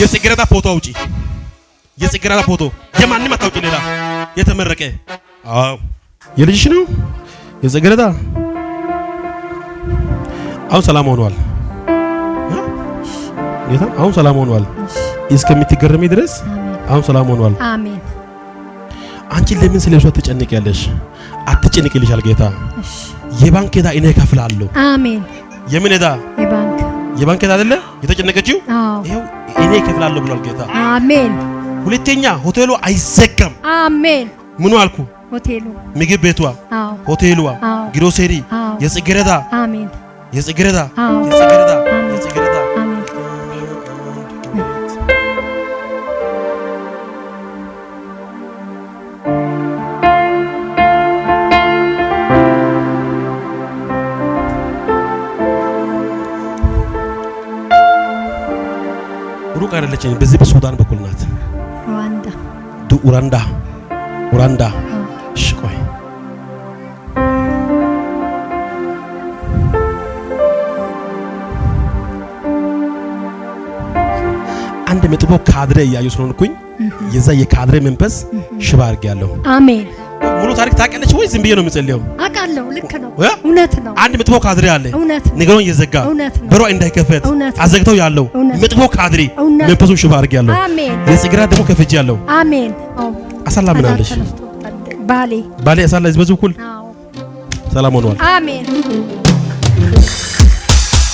የጽጌረዳ ፎቶ አውጪ። የጽጌረዳ ፎቶ የማንም አታውጪ። ሌላ የተመረቀ አዎ፣ የልጅሽ ነው የጽጌረዳ። አሁን ሰላም ሆኗል። ጌታ አሁን ሰላም ሆኗል። እስከምትገረሚ ድረስ አሁን ሰላም ሆኗል። አሜን። አንቺ ለምን ስለ እሷ ትጨንቂያለሽ? አትጨንቂ ልሻል ጌታ። የባንክ ዕዳ እኔ እከፍላለሁ። አሜን። የምን ዕዳ? የባንክ የባንክ ዕዳ አይደለ የተጨነቀችው? አዎ እኔ እከፍላለሁ ብሏል ጌታ። አሜን። ሁለተኛ ሆቴሉ አይዘጋም። አሜን። ምኑ አልኩ? ሆቴሉ፣ ምግብ ቤቷ፣ ሆቴሉዋ፣ ግሮሰሪ፣ የጽጌረዳ አሜን፣ የጽጌረዳ የጽጌረዳ ሩቅ አይደለች፣ በዚህ በሱዳን በኩል ናት። ሩዋንዳ ሩዋንዳ ሩዋንዳ። እሺ ቆይ አንድ መጥቦ ካድሬ እያዩ ስለሆንኩኝ የዛ የካድሬ መንፈስ ሽባ አድርጌያለሁ። አሜን። ሙሉ ታሪክ ታውቂያለች ወይ? ዝም ብዬ ነው የምጸልየው። አውቃለሁ። ልክ ነው፣ እውነት ነው። አንድ መጥፎ ካድሬ አለ፣ ነገሩን እየዘጋ በሯ እንዳይከፈት አዘግተው ያለው መጥፎ ካድሬ መንፈሱን ሽባ የጽግራ ደግሞ ከፍቼያለሁ። አሜን። አሳላምናለሽ ባሌ ባሌ አሳላ በዚህ በኩል ሰላም ሆኗል። አሜን።